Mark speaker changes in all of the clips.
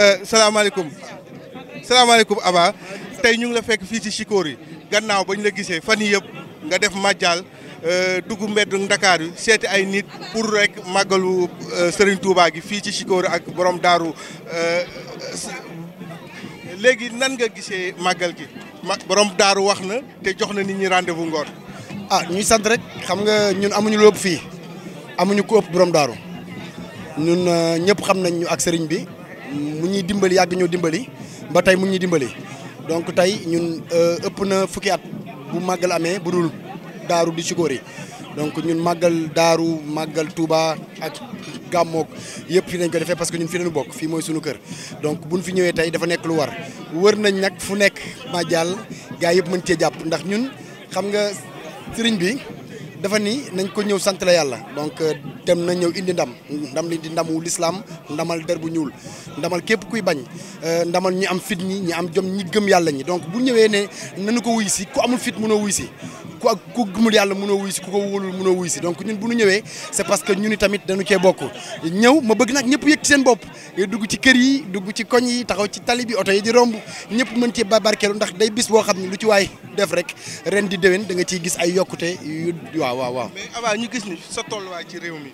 Speaker 1: Euh, salaamaaleykum salaamaaleykum Aba tey ñu ngi la fekk fii ci Chikori gannaaw bañ la gisee fan yii yëpp nga def màjjaal Euh, dugg mbedd Ndakaar yi seeti ay nit pour rek màggalu euh, Serigne Touba gi fii ci Chikor ak borom daaru euh, léegi nan nga gisee màggal gi borom daaru wax na te jox na nit ñi rendez-vous ngoon.
Speaker 2: a ah, ñuy sant rek xam nga ñun amuñu lu fii amuñu ko ëpp borom daaru ñun ñëpp xam nañ ñu ak sëriñ bi mu ñuy dimbali yàgg ñoo dimbali ba tey mu ñuy dimbali donc tey ñun ëpp na fukki at bu màggal amee bu daaru di Sikori donc ñun màggal daaru màggal Touba ak gàmmoog yëpp fi nañ ko defee parce que ñun fi nañu bokk fii mooy sunu kër donc bu buñ fi ñëwee tey dafa nekk lu war wër nañ nag fu nekk ma jàll gaa yëpp mën cee jàpp ndax ñun xam nga sëriñ bi dafa ni nañ ko ñëw sant la yàlla donc euh, dem na ñëw indi ndam ndam li di ndamu lislaam ndamal der bu ñuul ndamal képp kuy bañ euh, ndamal ñu am fit ñi ñu am jom ñi gëm yàlla ñi donc bu ñëwee ne na nañu ko wuy si ku amul fit mënoo wuy si ku ak ku gëmul yàlla mënoo wuy si ku ko wóolul mënoo wuy si donc ñun bu ñu ñëwee c'est parce que ñun tamit dañu cee bokk ñëw ma bëgg nag ñëpp yëg seen bopp dugg ci kër yi dugg ci koñ yi taxaw ci tali bi oto yi di romb ñëpp mën cee barkeelu ndax day bis boo xam ne lu ci waay def rek ren di déwén da nga ciy gis ay yokkute yu waaw waaw avant ñu gis ni sa
Speaker 1: tolluwaay ci réew mi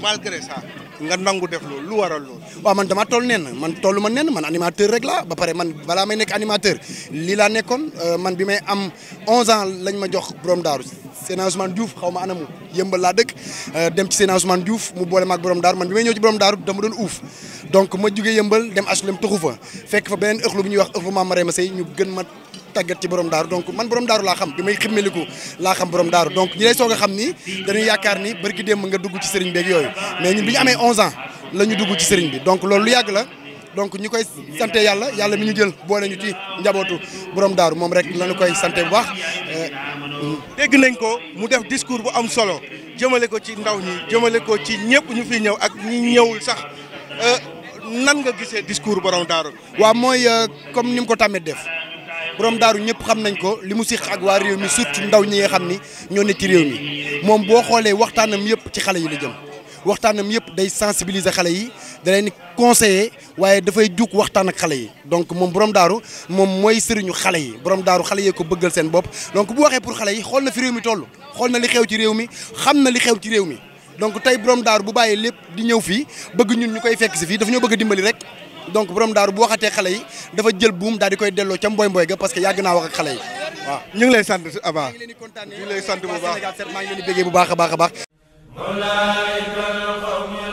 Speaker 1: malgré ça
Speaker 2: nga nangu def loolu lu waral loolu. waaw man dama toll nen man tollu ma nen man animateur rek la ba pare man balaa may nekk animateur lii laa nekkoon euh, man bi may am 11 ans lañ ma jox borom daaru Sénat Ousmane Diouf xaw ma anamu yëmbal laa dëkk euh, dem ci Sénat Ousmane mu boole maag borom daaru man bi may ñëw ci borom daaru dama doon uuf donc ma jugee yëmbal dem HLM taxu fa fekk fa beneen ëxlu bu ñuy wax ëxlu Mame Marème Seye ñu gën tàggat ci borom daaru donc man borom daaru laa xam bi may ximmeliku laa xam borom daaru donc ñi lay soog a xam ni dañuy yaakaar ni barki démb nga dugg ci sëriñ beeg mais ñun bi ñu amee 11 la ñu dugg ci sëriñ bi donc loolu lu yàgg la donc ñu koy sante yàlla yàlla mi ñu jël boole ñu ci njabootu borom daaru moom rek lañu koy sante bu baax. Euh, dégg
Speaker 1: nañ ko mu def discours bu am solo jëmale ko ci ndaw ñi jëmale ko ci ñëpp ñu fi ñëw ak
Speaker 2: ñi ñëwul sax euh, nan nga gisee discours borom daaru. waaw mooy euh, comme ni mu ko tàmmee def. borom daaru ñëpp xam nañ ko li mu siq ak waa réew mi surtout ndaw ñi nga xam ni ñoo ne ci réew mi moom boo xoolee waxtaanam yëpp ci xale yi la jëm waxtaanam yëpp day sensibiliser xale yi da leen conseiller waaye dafay jug waxtaan ak xale yi donc moom borom daaru moom mooy sëriñu xale yi borom daaru xale yee ko bëggal seen bopp donc bu waxee pour xale yi xool na fi réew mi toll xool na li xew ci réew mi xam na li xew ci réew mi donc tey borom daaru bu bàyyee lépp di ñëw fii bëgg ñun ñu koy fekk si fii dafa ñoo bëgg a dimbali rek donc borom daaru bu waxatee xale yi dafa jël buum daal di koy delloo ca mboy mboy ga parce que yàgg naa wax ak xale yi waaw ngi lay sant Aba ñu
Speaker 1: ngi lay sant bu baax maa ngi leen
Speaker 2: di bégee bu baax a baax
Speaker 1: baax